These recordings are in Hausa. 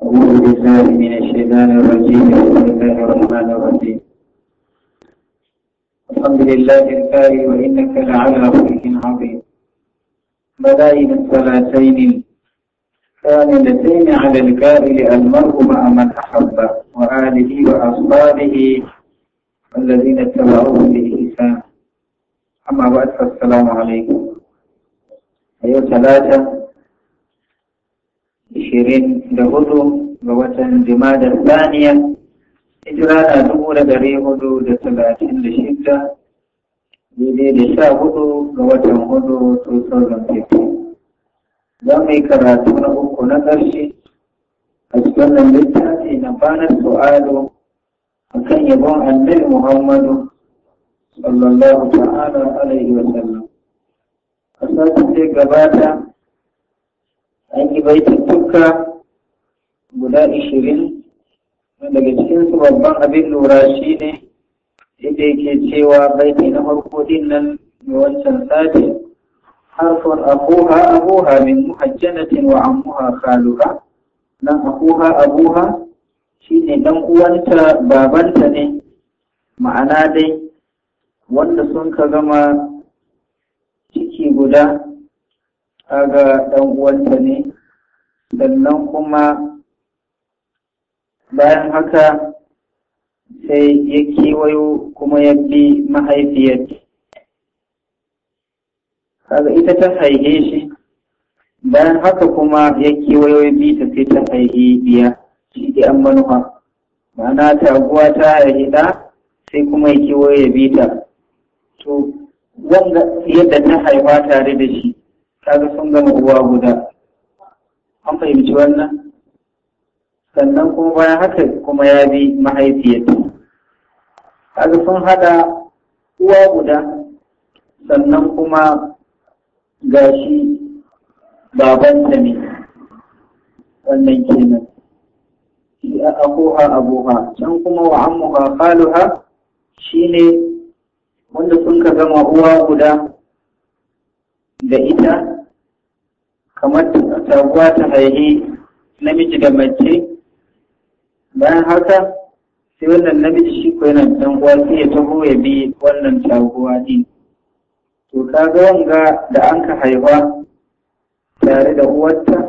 بسم الله الرحمن الرحيم الحمد لله الكاري وإنك لعلى خلق عظيم بدائل الصلاتين الكاملتين على الكامل المرء مع من أحب وآله وأصحابه والذين اتبعوهم بالإحسان أما بعد فالسلام عليكم أيها ثلاثة عشرين da hudu ga watan jimadar daniya hijira na dubu da dari hudu da talatin da shida daidai da sha hudu ga watan hudu 2015 za mu yi karatu na uku na ƙarshe a cikin nan littafi na banar su'adu a kan yabon annabi muhammadu sallallahu ta'ala alaihi wa sallam a sassan sai gabata an yi baitin tukka guda ishirin daga cikin su babban abin lura shi ne inda yake cewa baiti na farko din nan da wancan sati harfin abuha abuha min muhajjanatin wa muha khaluha nan abuha abuha shine dan uwanta babanta ne ma'ana dai wanda sun ka gama ciki guda kaga dan uwanta ne sannan kuma bayan haka sai ya kewayo kuma ya bi mahaifiyar kaga ita ta haihe shi bayan haka kuma ya kewayo ya bi ta sai ta haihe biya shi ke an manuwa ma'ana taguwa ta haihe da sai kuma ya kewayo ya bi ta to wanda yadda ta haifa tare da shi kaga sun gama uwa guda an fahimci wannan sannan kuma bayan haka kuma ya bi mahaifiyarta kaga sun hada uwa guda sannan kuma gashi baban da ne wannan kenan shi a akoha abuha can kuma wa ammuha shi shine wanda sun ka zama uwa guda da ita kamar ta ta haihi namiji da mace bayan haka sai wannan namiji shi ko yana dan uwa sai ya taho ya bi wannan taguwa din to kaga wanga da an ka haihuwa tare da uwarta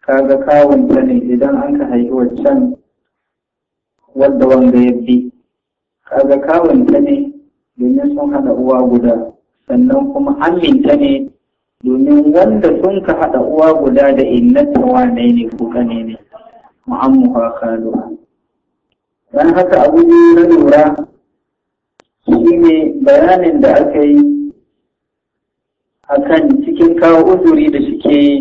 kaga kawunta ne idan an ka haifi wancan wadda wanga ya bi kaga kawunta ne domin sun haɗa uwa guda sannan kuma ta ne domin wanda sun ka haɗa uwa guda da innata wane ne ko kane ne وعمها خالها dan haka abu na lura shi ne bayanin da aka yi a kan cikin kawo uzuri da suke yi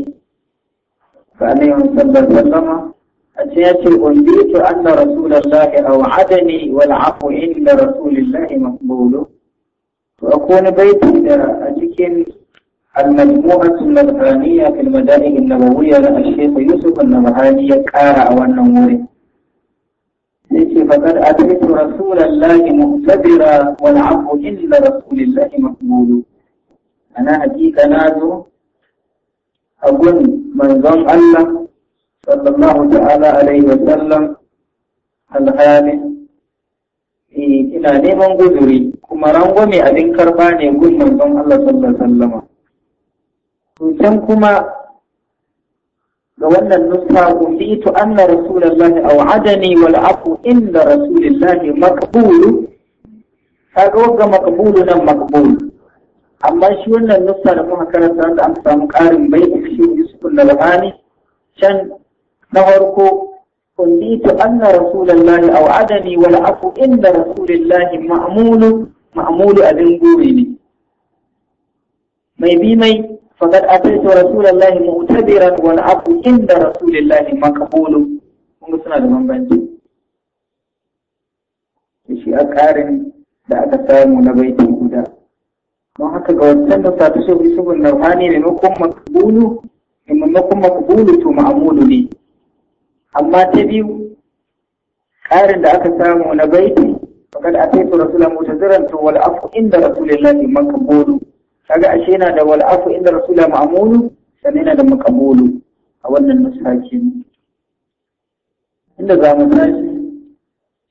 ga anayin da sama a ce ya ce unditu anna rasulallahi aw adani wal afu inda rasulillahi maqbulu to akwai wani baiti da a cikin المجموعة النبهانية في المدائن النبوية الشيخ يوسف النبهاني قارع والنموري يجي فقد أتيت رسول الله مؤتبرا والعفو إلا رسول الله مقبول أنا حقيقة نادو أقول من ظن الله صلى الله تعالى عليه وسلم الحالي ina neman guzuri kuma rangwame abin karba ne gun manzon Allah sallallahu alaihi wasallama to can kuma ga wannan nufa ubitu anna rasulullahi au'adani wal afu inda rasulullahi maqbulu ta ga maqbulu nan maqbulu amma shi wannan nufa da kuma karanta da an samu karin bai shi Yusuf al-Albani can na farko kunditu anna rasulullahi au'adani wal afu inda rasulullahi ma'mulu ma'mulu abin gobe ne mai bi mai فقد أتيت رسول الله مؤتبرا والعفو عند رسول الله مقبول kun suna da bambanci shi a ƙarin da aka samu na baiti guda don haka ga wancan da fata shi bisu bin nauhani maimakon makbulu maimakon makbulu to ma'amulu ne amma ta biyu ƙarin da aka samu na baiti fakad a taifu rasulun mutaziran to wal afu inda rasulullahi makbulu kaga ashe yana da wal afu inda rasula ma'mulu sai yana da makabulu a wannan nusaci inda zamu tashi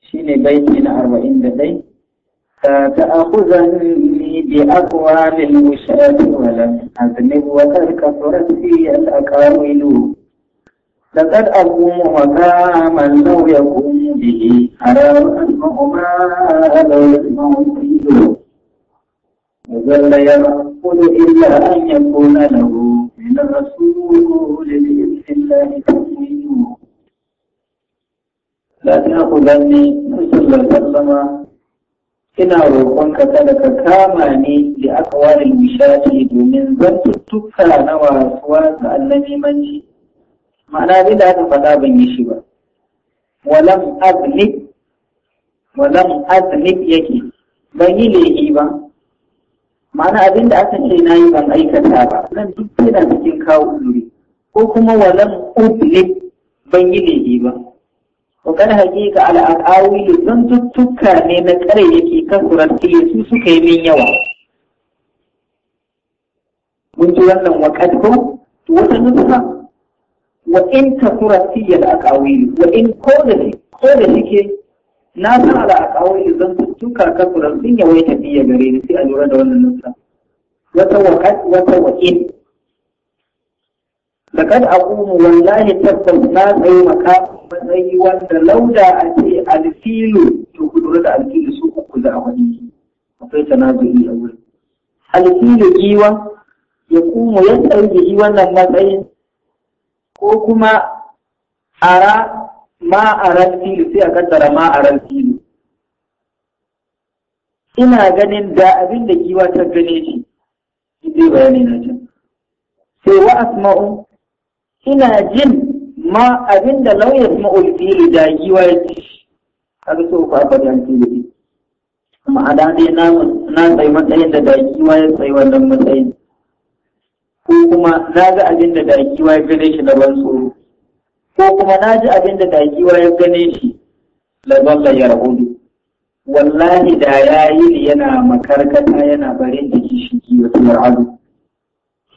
shine baiti na 41 ta ta'khuzanni bi aqwalil mushati wa lam aznib wa qad surati al aqawilu لقد أقوم مقاما لو يقوم به أرى أنهما لو يسمع وظل ينقل إلا أن يكون له من الرسول بإذن الله تسميه لا تأخذني صلى الله عليه وسلم ina roƙonka kada ka kama ni da akwalin mishati domin zantuttuka na wasuwa ga annabi manci ma'ana bi da aka faɗa ban yi shi ba walam aznik walam yake ban yi lehi ba ma'ana abin da aka ce na yi ban aikata ba nan duk yana cikin kawo uzuri ko kuma walan ubli ban yi daidai ba wa kada haƙiƙa, al'awi zan tuttuka ne na kare yake kasurar su suka yi min yawa mun ji wannan wa ko wata nufa wa in kasurar tiyar al'awi wa in ko da shi ko da shi ke na san ala a kawo izan tun karkakuran sun tafi ya gare ni sai a lura da wannan nusa wata wakat wata wakin a aqumu wallahi tabbas na tsaye maka matsayi wanda lauda a ce alfilu to ku lura da alfilu su ku za a wani akwai tanazuli a wuri alfilu giwa ya kuma ya giwa wannan matsayin ko kuma ara ma a rantilu sai a kaddara ma a rantilu ina ganin da abin da giwa ta gane shi zai bayani na can sai wa asma'u ina jin ma abin da lauyar fili da giwa ya ci har so fa ba da fili ma'ana dai na na tsayi matsayin da dagiwa ya tsayi wannan matsayin ko kuma na ga abin da dagiwa ya gane shi da ban tsoro ko kuma na ji abin da dagiwa ya gane shi lazalla wallahi da ya yi yana makarkata yana barin jiki shi kiyo tunar adu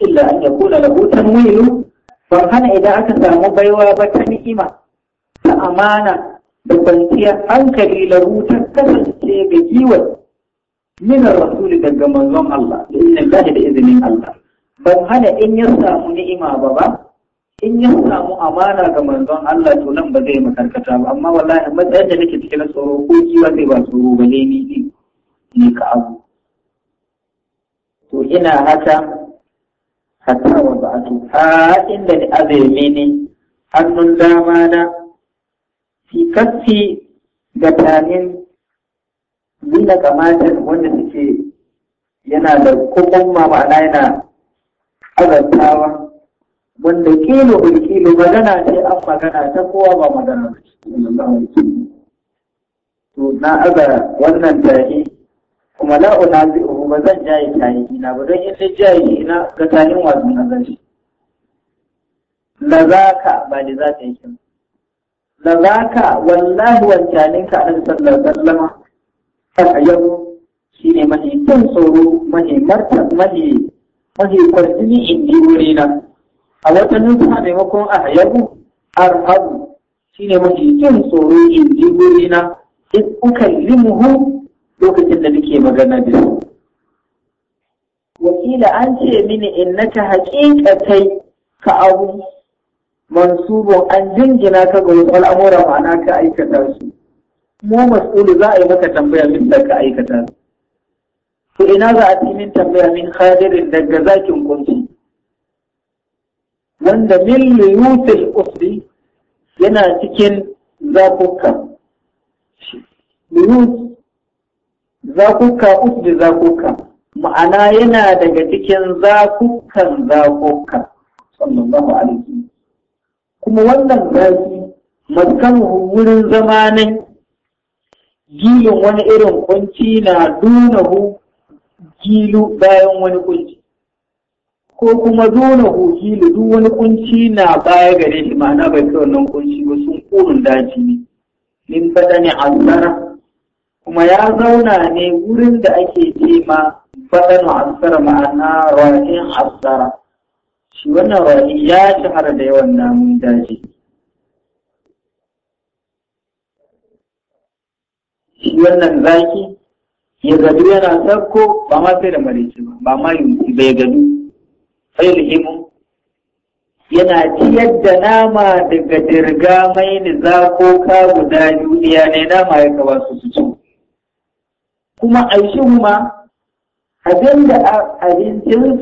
illa an yakuna lahu tamwilu ban hana idan aka samu baiwa ba ta ni'ima ta amana da kwanciyar hankali lahu ta kasance ga kiwon min rasuli daga manzon Allah da izinin Allah ban hana in ya samu ni'ima ba ba in ya samu amana ga manzon Allah to nan ba zai makarkata ba amma wallahi matsayin da nake cikin tsoro ko kiwa zai ba tsoro ba ne ni ni ka abu to ina haka hatta wa to a inda ni azumi ne hannun dama na fi kaffi ga tanin zina kamata wanda suke yana da kokon ma'ana yana azantawa wanda kilo bai kilo magana ce an magana ta kowa ba magana to na aza wannan tari. kuma la unazi'uhu ba zan jaye tari ina ba don yin jaye ina ga tarin wasu na zan la ka, ba da za ta yi kin wallahi wancanin ka annabi sallallahu alaihi wasallam yau shine ne kan tsoro mahi martaba mahi mahi kwarjini in wurina a wata nufa maimakon a hayabu arhabu shine mafi jin tsoro in ji na in limuhu lokacin da nake magana da su wakila an ce mini ta haƙiƙatai ka abu mansubun an jingina ka ga wasu al'amura ma'ana ka aikata su mu mas'ulu za a yi maka tambaya min da ka aikata su Ku ina za a cimin tambaya min khadirin daga zakin kunci wanda min liyutil usri yana cikin zakuka liyut zakuka usri zakuka ma'ana yana daga cikin zakukan zakuka sallallahu alaihi kuma wannan zaki makan wurin zama ne gilin wani irin kunci na dunahu gilu bayan wani kunci ko kuma zona hoki da duk wani kunci na baya gare shi ma'ana bai kai wannan kunci ba sun kurin daji ne min badani azara kuma ya zauna ne wurin da ake ce ma badani azara ma'ana rahin azara shi wannan rahin ya shahara da yawan namun daji shi wannan zaki ya gadu yana sarko ba ma sai da mareci ba ba ma bai gadu fayulhimu yana ji yadda nama daga dirga mai za ko ka guda duniya ne nama ya kawo su su ci kuma a aishihuma abin da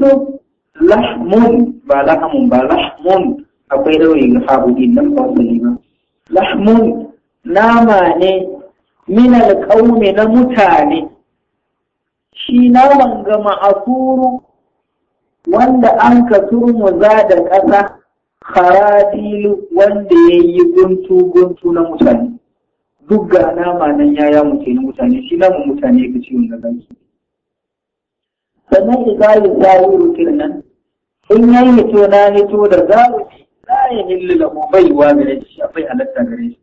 su, lahmun ba lahmun ba lahmun akwai nauyi ga fabudi nan ba su ne ba lahmun nama ne min alƙaumi na mutane shi naman ga ma'asuru wanda an ka za da ƙasa haradilu wanda ya yi guntu-guntu na mutane duk ga nama nan ya ya mutane na mutane shi namun mutane ga ciwon da gansu sannan izalin zahiru nan in ya yi to na hito da zarufi za ya hillu da mu wa gare shi a bai halatta gare shi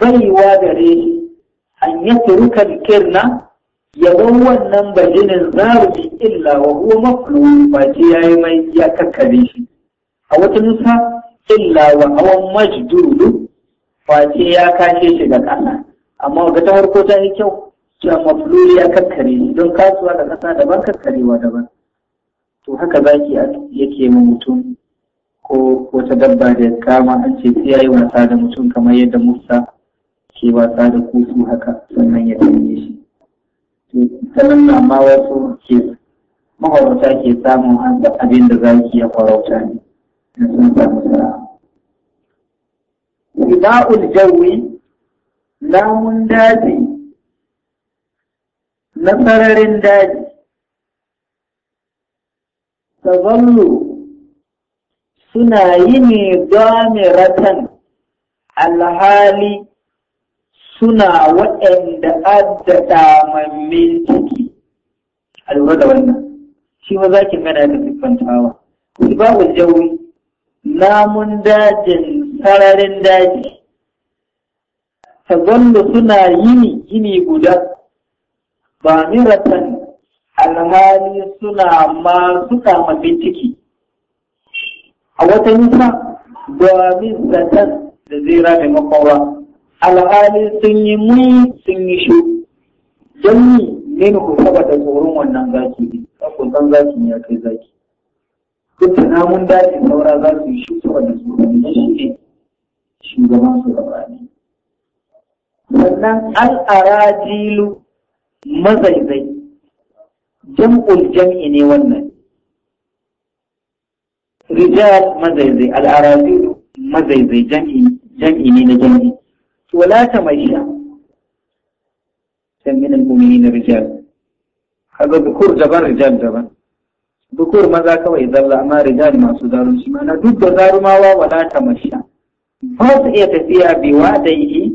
Bai wa gare shi an yi turukan kirna ya yabon wannan bajinin zarumi illa wa huwa maflu ba ce yi mai ya kakkare shi a wata nusa illa wa hawan majdudu ba ce ya kashe shi ga kasa amma ga ta farko ta yi kyau ya maflu ya kakkare shi don kasuwa da kasa daban kakkarewa daban to haka zaki yake ma mutum ko wata dabba da kama an ce sai yayi wasa da mutum kamar yadda Musa ke wasa da kusu haka sannan ya tanye shi sanin ma wasu ke mahaurata ke samun abin da za ki ya farauta ne da jawi namun daji na sararin daji tazallu suna yi ne domiratan alhali suna waɗanda adda mammin ciki a lura da wannan shi ma za ki gana da siffantawa babu jawi namun dajin sararin daji zonda suna yini yini guda ba miratan alhali suna masu kamamin ciki a wata nisa domin zaton da zira makowa alhali sun yi mun sun yi shi don ni ne na ku saba da tsoron wannan zaki ne kakusan zaki ya kai zaki duk da namun daji saura za su yi shi da tsoron ya shi ne shugaban su gaba ne sannan al'arajilu mazaizai jam'ul jam'i ne wannan rijal mazaizai al'arajilu mazaizai jam'i jam'i ne na jam'i tolata mai sha sai minin gumi na rijal haɗu bukur daban daban bukur maza kawai zalla amma rijal masu zarun shi mana duk da zarumawa mawa wala ta mai ba su iya tafiya biwa da yi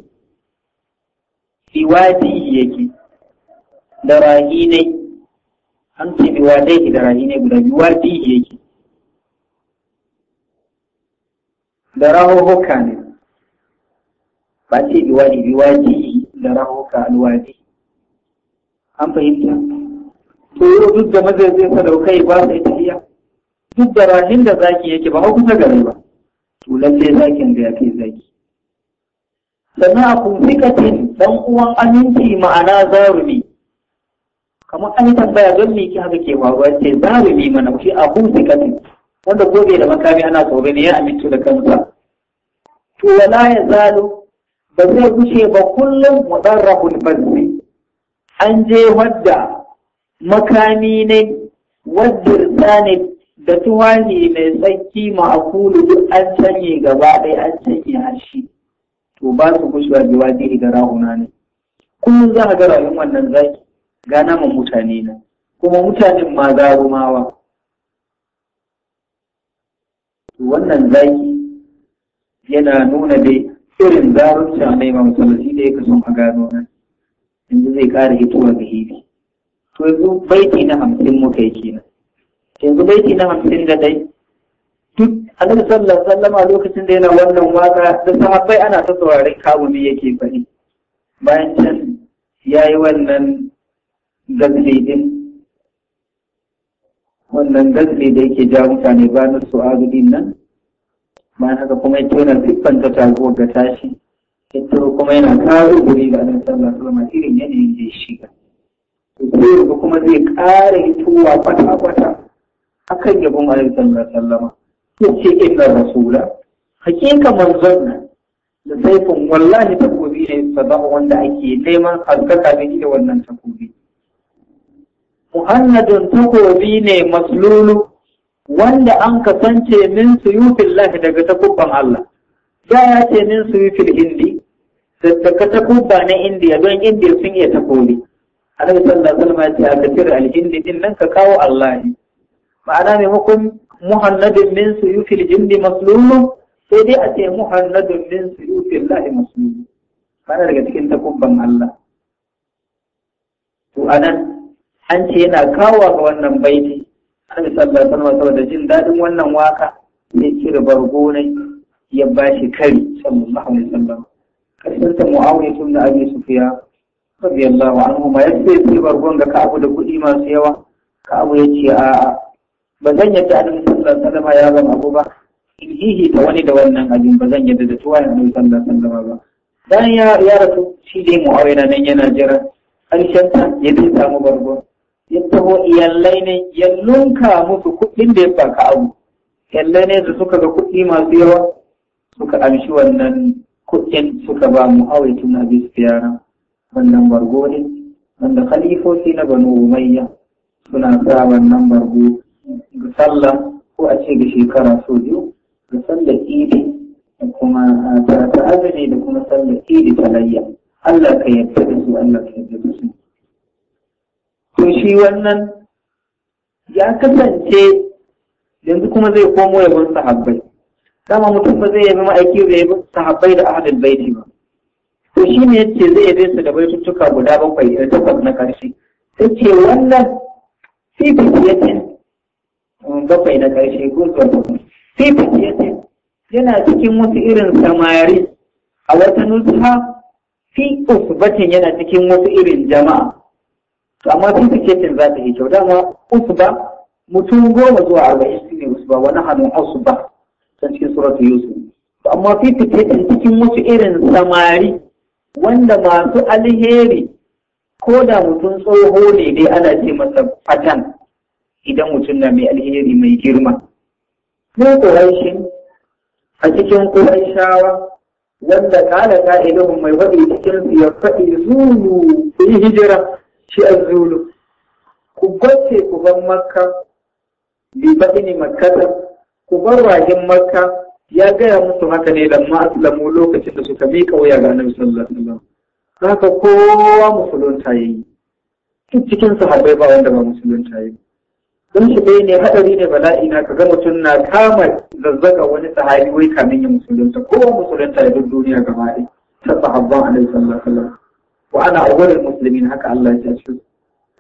da yi an ce biwa da yake guda biwa da yake da rahohoka ne ba ce biwadi biwadi da rahoka alwadi an fahimta to yau duk da mazai zai sadaukai ba sai tafiya duk da rahin da zaki yake ba kusa gare ba to lalle zakin da ya kai zaki sannan a kumfikatin dan uwan aminci ma'ana zarumi kamar an yi tambaya don me ki haka ke faruwa ce zarumi mana shi a kumfikatin wanda gobe da makami ana tsoro ne ya amince da kansa to wala ya zalo ba zai wuce ba kullum rahul bazmi an je wadda makami ne wadda zane da tuwani mai tsaki ma'akulu duk an canye gaba ɗaya an canye harshe to ba su kushewa jiwa diri ga rahuna ne kullum za a ga rayuwar wannan zaki ga naman mutane na kuma mutanen ma za rumawa wannan zaki yana nuna dai irin zarurcin mai naima masallaci da yake son a gano nan yanzu zai ƙara hitowa ga hibi to yanzu baiti na hamsin muka yi kenan yanzu baiti na hamsin da dai duk a nan sallan sallama lokacin da yana wannan waka da sahabbai ana ta sauraron kawumi yake faɗi bayan can ya yi wannan gazli din wannan gazli da yake ja mutane ba na su'adu din nan bayan haka kuma ya tona ta taguwar ga tashi ya kuma yana kawo guri ga annabi sallallahu alaihi irin yanayin da ya shiga to kuma zai ƙara hitowa kwata-kwata akan yabon annabi sallallahu alaihi wasallam ya ce inna rasula hakika manzon nan da saifin wallahi takobi ne sabahu wanda ake neman haskaka da ke wannan takobi muhammadun takobi ne maslulu wanda an kasance min suyufin lahi daga takubban Allah da ya ce min suyufin hindi daga takubba na indiya don indiya sun iya takobi annabi san da Salma ya ce a tira alhindi din nan ka kawo Allah ne ma'ana maimakon muhannadin min suyufil jindi maslulun sai dai a ce muhannadin min suyufil lahi maslulun kana daga cikin takubban Allah to anan an ce yana kawo ga wannan baiti annabi sallallahu alaihi wasallam saboda jin daɗin wannan waka ya cire bargo ne ya bashi kari sallallahu alaihi wasallam kashin ta muawiya ibn abi sufyan radiyallahu anhu ma yace sai bargon ga ka'abu da kuɗi masu yawa ka'abu ya ce a'a ba zan yadda annabi sallallahu alaihi wasallam ya zama abu ba in ta wani da wannan abin ba zan yadda da tuwa annabi sallallahu alaihi wasallam ba Dan ya rasu shi dai muawiya nan yana jira karshen ta ya samu bargon ya taho iyallai ne ya lunka musu kuɗin da ya baka abu iyallai ne da suka ga kuɗi masu yawa suka amshi wannan kuɗin suka ba mu hawai tun bisu sufiyana wannan bargo ne wanda khalifofi na banu umayya suna sa wannan bargo ga sallah ko a ce ga shekara so biyu ga sallar idi da kuma ah, ta azumi da kuma sallar idi ta layya Allah ka yarda da su Allah ka yarda da su to shi wannan ya kasance yanzu kuma zai komo ya bin sahabbai dama mutum ba zai yabi ma'aiki zai yabi sahabbai da ahlul baiti ba to shi ne yace zai yabe su da baituttuka guda bakwai da eh, takwas na karshe sai ce wannan a fiyatin mm, bakwai na karshe gurgur ya ce yana cikin wasu irin samari a wata nusa fi usbatin yana cikin wasu irin jama'a to amma duplicating za ta yi kyau dama ba mutum goma zuwa arba'in su ne ba wani hannun ba, can cikin suratu yusuf to amma duplicating cikin wasu irin samari wanda masu alheri ko da mutum tsoho ne dai ana ce masa fatan idan mutum na mai alheri mai girma ko kuraishi a cikin kuraishawa wanda kala ka'ida mai waɗi cikin su ya faɗi zuwa su yi hijira shi azulu ku gwace ku bar makka bi badini makkata ku bar wajen makka ya gaya musu haka ne lamma aslamu lokacin da suka bi wuya ga annabi sallallahu alaihi wasallam haka kowa musulunta yayi cikin sahabbai ba wanda ba musulunta yayi don shi dai ne hadari ne bala'i na kaga mutum na kama zazzaga wani sahabi wai kamin ya musulunta kowa musulunta ya duk duniya gaba ɗaya ta sahabban alaihi sallallahu alaihi wasallam وانا اول المسلمين هكا الله يجسد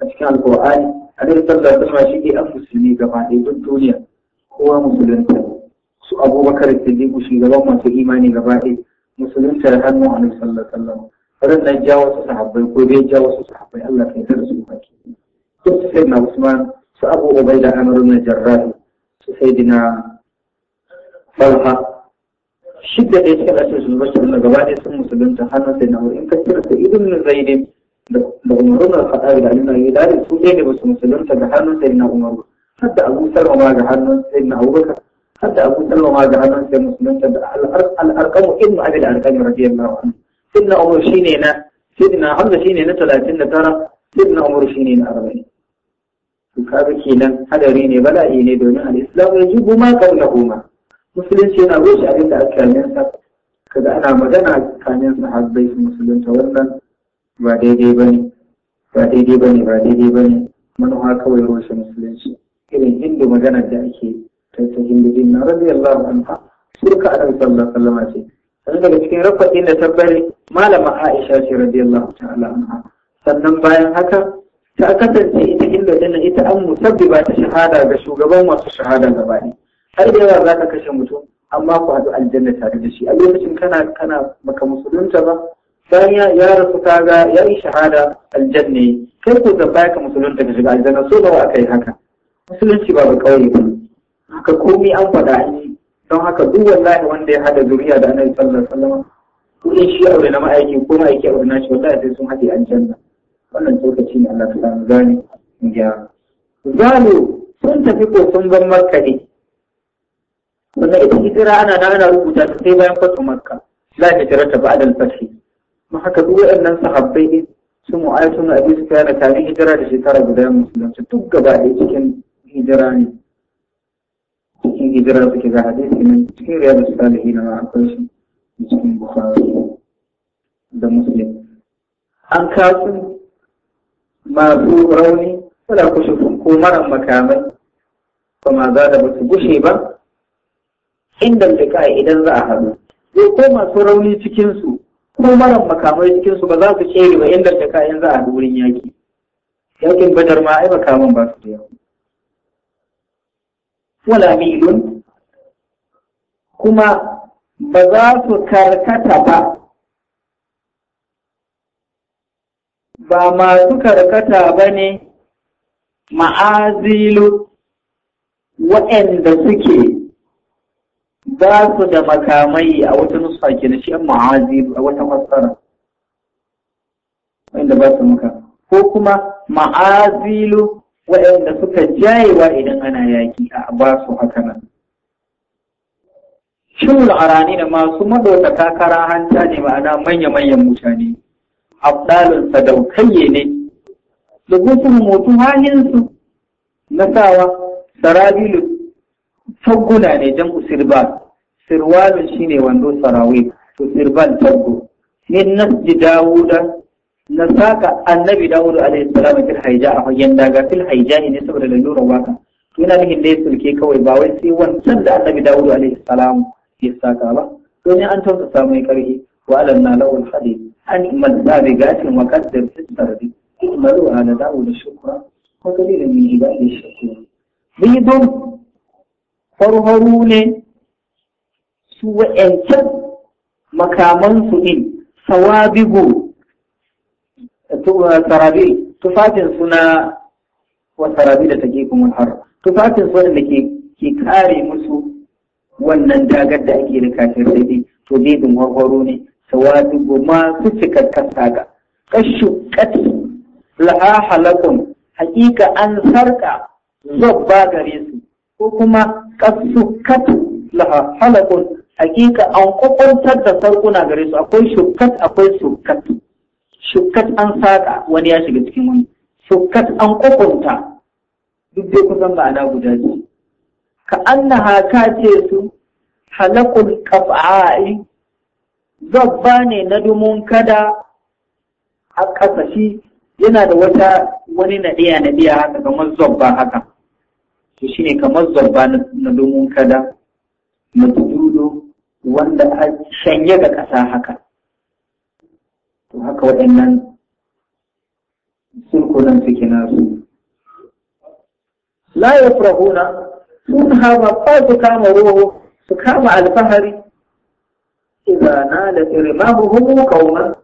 اشكال القران ادي تصدى تسمع شيء ايه المسلمين جماعه دي الدنيا هو مسلم سو ابو بكر الصديق وشي غلو ما في ايماني غبا ايه مسلم ترى هم عليه صلى الله عليه وسلم فرد نجاو صحابه كو بي جاو صحابه الله في درس بك سيدنا عثمان سو ابو عبيده عمرو بن الجراح سيدنا طلحه شدة إيش كان أساس البشر أن جواد يسمو سبب امتحانه سينه وإن كثير سيد من الزيدين لو مرونا الخطاب لأننا يدار السودين يسمو سبب امتحانه سينه ومرو حتى أبو سلم وما جحانه سينه وبكى حتى أبو سلم وما جحانه سينه مسلم الأرقام إن أبي الأرقام رضي الله عنه سيدنا أمر شينينا سيدنا عبد شينينا ثلاثين ترى سيدنا أمر شينينا أربعين وكابكينا هذا ريني بلائيني دوني الإسلام يجيب ما قبلهما musulunci yana rushe abin da aka yansa kaga ana magana tsakanin sahabbai su musulunta wannan ba daidai ba ne ba daidai ba ne ba daidai ba ne manuwa kawai rushe musulunci irin hindu magana da ake ta ta hindu din na radiyallahu anha surka adam sallallahu sallama ce sannan daga cikin rafaɗin da tabbare malama aisha ce radiyallahu ta'ala anha sannan bayan haka ta kasance ita hindu din ita an musabbiba ta shahada ga shugaban masu shahada gaba ɗaya har da yawa za ka kashe mutum amma ku haɗu aljanna tare da shi a lokacin kana kana maka musulunta ba bayan ya rasu kaga ya yi shahada aljanna kai ko da baya ka musulunta ka shiga aljanna so nawa aka yi haka musulunci ba ba kawai ba haka komai an faɗa an don haka duk wallahi wanda ya hada zuriya da annabi sallallahu alaihi wasallam ko in shi aure na ma'aiki ko ma'aiki aure na shi wallahi sai sun haɗe aljanna wannan tsokaci ne Allah ta gane in ga zalo sun tafi ko sun bar makka ne wanda ita hijira ana nan ana rubuta ta sai bayan fatu makka la hijira ta ba'da al-fath ma haka duk waɗannan sahabbai ne su mu'ayatu na abi sufyan ta ne hijira da shekara guda musulunci duk gaba ɗaya cikin hijira ne cikin hijira suke ga hadisi nan cikin riyadu salihin ma akwai shi cikin bukhari da muslim an kasu masu rauni wala kushe ko maran makamai ba ma za da ba su gushe ba inganta liqa idan za a haɗu zai koma su rauni cikinsu ko mara makamai cikinsu ba za su kere ba inganta liqa in za a haɗu wurin yaki yakin badar ma ai makaman ba su da yawa wala milun kuma ba za su karkata ba ba masu karkata ba ne ma'azilu waɗanda suke ba su da makamai a wata nusa ke na shi ma'azi a wata fassara wanda ba su muka ko kuma ma'azilu waɗanda suka jayewa idan ana yaƙi a ba su haka nan shimul da masu madota takara hanta ne ma'ana manya-manyan mutane abdalin sadaukayye ne da gutsun mutu hanyarsu na sawa sarabilu tagguna ne jan usirba sirwalun shine wando sarawi to sirban tabbo min nasji da'uda. na saka annabi dawudu alaihi salam fil haija a fagen daga fil haija ne saboda lalurar waka to yana nufin da ya sulke kawai ba wai sai wancan da annabi dawudu alaihi salam ya saka ba domin an tausa samun karfi wa alanna lawul hadid an imal zabi gatin wa qaddar fi sardi imalu ala dawudu shukra wa qalilan min ibadihi shakura bidon farharu ne su wa'yancan makamansu din sawabigu uh, sarabi tufafin suna wa sarabi da take kuma har tufafin su wanda ke kare musu wannan dagar da ake da kafin sai to bebin warwaro ne sawabigu masu cikakken saga kashu kati la'a halakun hakika an sarka zobba gare su ko kuma kasu katu laha halakun hakika an kwakwantar da sarkuna gare su akwai shukkat akwai shukkat shukkat an saka wani ya shiga cikin wani shukkat an kwakwanta duk dai kusan ma'ana guda ce ka na haka ce su halakul qaf'a'i zabba ne na dumun kada a kasashi yana da wata wani nadiya nadiya haka kamar zabba haka to shine kamar zabba na dumun kada na wanda a shanye ga ƙasa haka to haka waɗannan sulkunan suke nasu la ya furahuna sun hama ba su kama roho su kama alfahari idan na da irimahu hukumu kauna.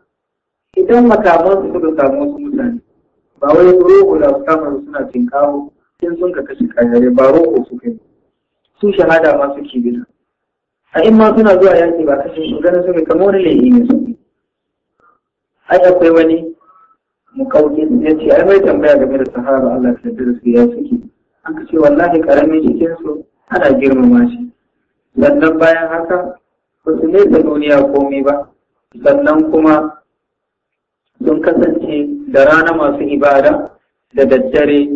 idan makaman su suka samu wasu mutane ba wai roho da su kama suna kawo? in sun ka kashe kayare ba roho su kai. su shahada ma suke gida a in ma suna zuwa yaki ba kashin ganin suke kamar wani laifi ne su ai akwai wani mukauki ya ce ai mai tambaya game da sahara Allah ta yarda su ya suke an ka ce wallahi karamin jikin su ana girmama shi sannan bayan haka ba su ne da duniya komai ba sannan kuma sun kasance da rana masu ibada da daddare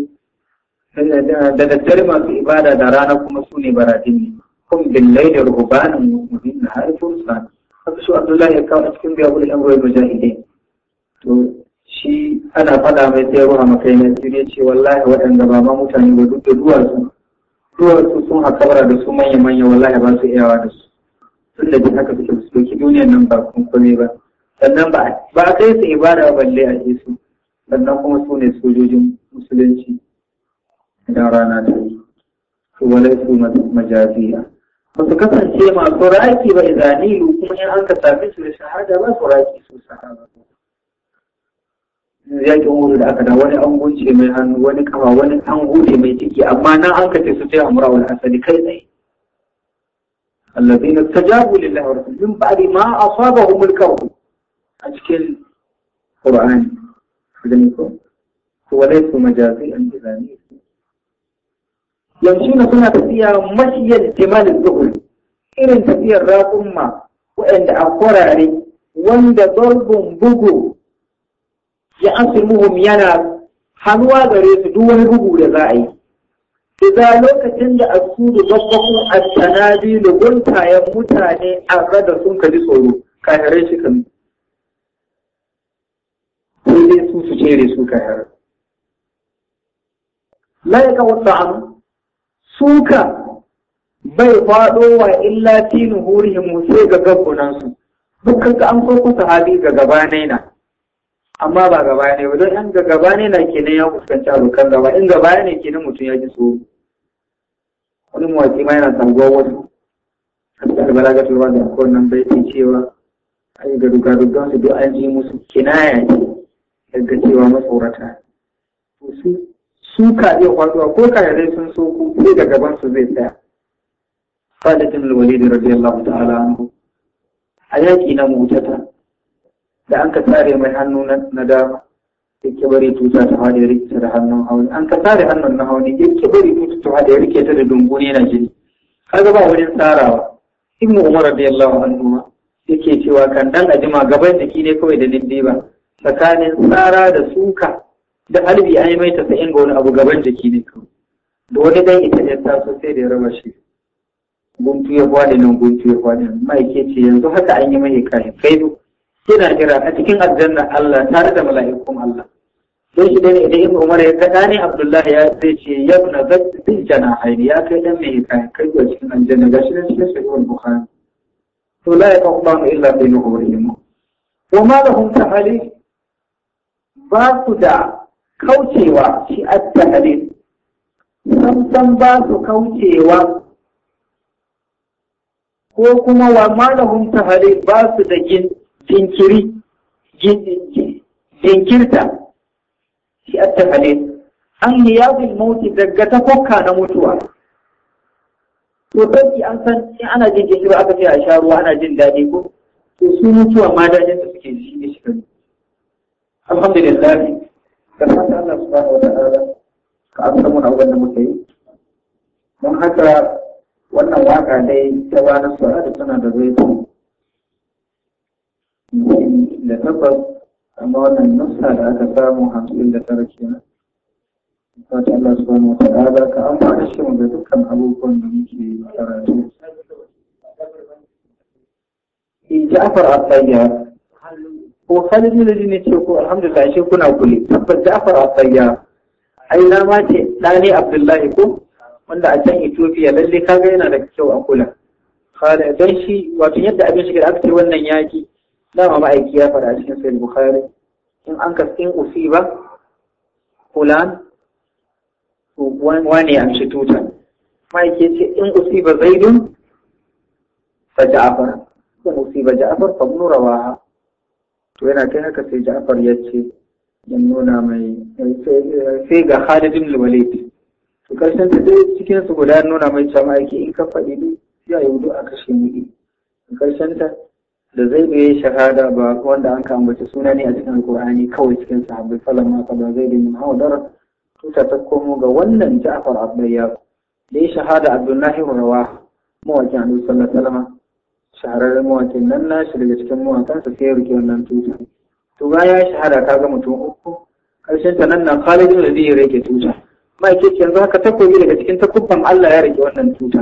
da daddare masu ibada da rana kuma su ne baratin kun billahi rubanan mubin har fursan haka su abdullahi ya kawo cikin biya wani amurwai mujahidai to shi ana faɗa mai sai ruwa makai na sirri ce wallahi waɗanda ba ma mutane ba duk da duwatsu duwatsu sun hakabara da su manya manya wallahi ba su iyawa da su tun da bin haka suke su doki duniyar nan ba kun kome ba sannan ba a kai su ibada balle a su sannan kuma su ne sojojin musulunci idan rana ta yi su walai su majaziya ba su kasance masu raki ba izanilu kuma in an ka sami su da shahada ba su raki su sahaba yakin wuri da aka da wani an mai hannu wani kama wani an mai ciki amma nan an ce su sai amra wal asali kai tsaye الذين استجابوا لله ورسوله من بعد ما أصابهم الكرب أشكل قرآن هو ليس مجازيا إذا يمشون سنة فيها مشي الجمال Zuhu. irin tafiyar raƙumma waɗanda a kwarare wanda barbun bugu ya asirmuhum yana hannuwa gare su duk bugu da za a yi. Iza lokacin da asudu babbakun attanadi da guntayen mutane a rada sun kaji tsoro, kayare shi kan. su su cere su Laika wasu an suka bai faɗowa illa fi nuhurihim sai ga gabbunansu dukkan ka an farko sahabi ga gabanai na amma ba gaba ne ba don an ga gaba naina kenan ya fuskanci abokan gaba in gaba ne kenan mutum ya ji tsoro wani mawaki ma yana sanguwa wasu A da balaga turba da akwai nan bai ce cewa ai ga dugadugan su duk an ji musu kinaya ne daga cewa matsorata su ka iya kwaduwa ko yare sun so ku sai da gaban su zai tsaya Khalid bin Walid radiyallahu ta'ala anhu a yaƙi na mutata da an ka tsare mai hannu na dama yake bari tuta ta hada ya rike da hannun hauni an ka tsare hannun na hauni yake bari tuta ta hada ya rike ta da dungune na jini kaga ba wurin tsarawa ibnu umar radiyallahu anhu ma yake cewa kan dan ajima gaban jiki ne kawai da ba, tsakanin tsara da suka da albi an yi mai tasa'in ga wani abu gaban jiki ne kawai da wani dan ita ya taso sai da ya raba shi guntu ya bada nan guntu ya bada nan ma'aike ce yanzu haka an yi mai kayan faido yana jira a cikin aljanna Allah tare da mala'ikun Allah don shi dai idan Ibn Umar ya kada ne Abdullahi ya zai ce yabna zai jana haini ya kai dan mai kayan kai ga cikin aljanna shi ne cikin sahihul bukhari to la yaqbalu illa bi nuhurihim wa ma lahum tahali ba su da kaucewa shi at-tahlil san san ba su kaucewa ko kuma wa ta tahari ba su da jinkiri jinkirta shi a tahari an yawon mauti daga takokka na mutuwa to sai an san in ana jin jinkiri aka ce a sha ruwa ana jin daɗi ko to su mutuwa ma dajin da suke shi ne shi alhamdulillah da fata Allah subhanahu wa ta'ala ka amsa mun abin da muke yi don haka wannan waka dai ta wani sa'adu tana da baiti da tabbas amma wannan nasa da aka samu hamsin da tara kenan fata Allah subhanahu wata ta'ala ka amfana shi da dukkan abubuwan da muke karatu eh, Ja'far al-Tayyar ko halin Miladi ne ce ko alhamdulillah shi kuna kuli tabbas Ja'far al-Tayyar ai na ma ce ɗane Abdullahi ko wanda a can Ethiopia lalle kaga yana da kyau a kula Kada don shi wato yadda abin shiga aka ce wannan yaki dama ma'aiki ya fara cikin sahih bukhari in an ka in ba fulan to wani an shi tutan ma'aiki ce in zai zaidun fa ja'far in ba ja'far fa ibn rawaha to yana kai haka sai ja'far ya ce dan nuna mai sai ga Khalid ibn Walid Su karshen ta dai cikin su guda nuna mai cewa ake in ka faɗi ne ya yi wudu a kashe ni karshen ta da zai yi shahada ba wanda an kama ambaci suna ne a cikin alkur'ani kawai cikin sahabbai falan ma ka ba zai da min hawadar tuta ta komo ga wannan ja'far abdayya da ya shahada abdullahi rawa mawakin a sallallahu alaihi wasallam shahararren mawakin nan nashi daga cikin mawakansa sai ya rike wannan tuta to ya shahada ka ga mutum uku karshen ta nan na Khalid ibn Rabi'i yake tuta ma'aikaci yanzu haka takobi daga cikin takubban Allah ya rage wannan tuta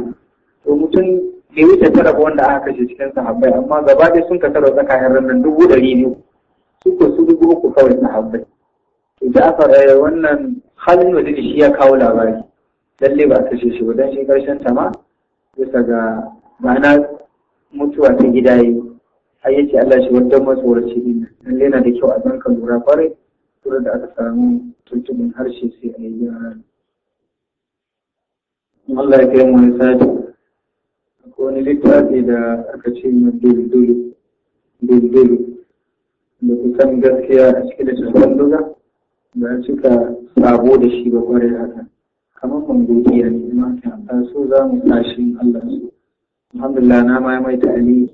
to mutum bai wuce tara wanda aka kashe cikin sahabbai amma gaba dai sun kasar tsakanin ranar dubu ɗari biyu su ko su dubu uku kawai sahabbai to aka eh wannan halin da shi ya kawo labari lalle ba kashe shi ba dan shi karshen ta ma bisa ga ma'ana mutuwa ta gida yi har yace Allah shi wanda masoraci ne lalle na da kyau a zanka lura kwarai wurin da aka samu tuntuɓin harshe sai a yi gyara Allah ya kai mu ya akwai wani littafi da aka ce ma dildulu dildulu da kusan gaskiya a cikin da cikin duga ba a cika sabo da shi ba kwarai haka kamar mangogiya ne ma ta so za mu tashi Allah su alhamdulillah na ma mai ta ali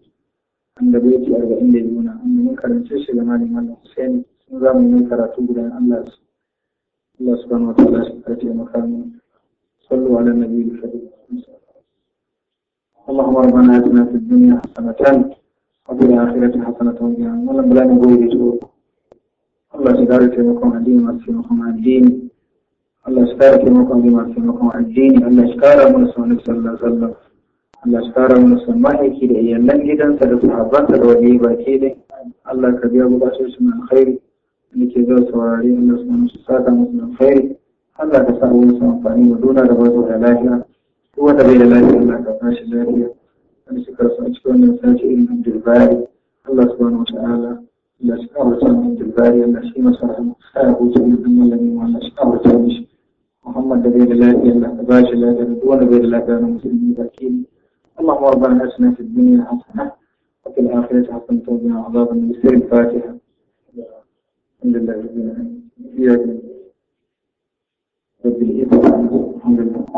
an da baiti arba'in da biyu na an mun karanci shi ga malamin Allah Hussein za mu yi karatu gudan Allah su Allah su bana wata Allah su karfe makamu sallu ala nabi da shaɗi اللهم ربنا اتنا في الدنيا حسنة وفي الآخرة حسنة وقنا ولا بلا نقول يجوك الله سبارك لكم الدين واسفنكم الدين الله سبارك لكم الدين واسفنكم الدين الله شكارا من صلى الله عليه وسلم Allah shi kara mana son mahaifi da iyalan gidansa da sahabbansa da waje baki dai Allah ka biya bukatun su na alkhairi da ke zuwa saurari Allah su musu saka musu nan khairi Allah ka sa wani amfani wa dona da bazo da lafiya duk wanda bai da lafiya Allah ka ba shi lafiya wanda suka rasu a cikin wannan sace irin Abdul Bari Allah subhanahu wataala Allah shi kawo ta Abdul Bari Allah shi masa rahama sa ya huce ne dan malami ma Allah shi kawo ta mishi Muhammad da bai da lafiya Allah ka ba shi lafiya duk wanda bai da lafiya na musulmi baki اللهم ربنا اتنا في الدنيا حسنه وفي الاخره حسنه وقنا عذاب النار الفاتحه Alhamdulillah, year, know, here with the Ibrahim,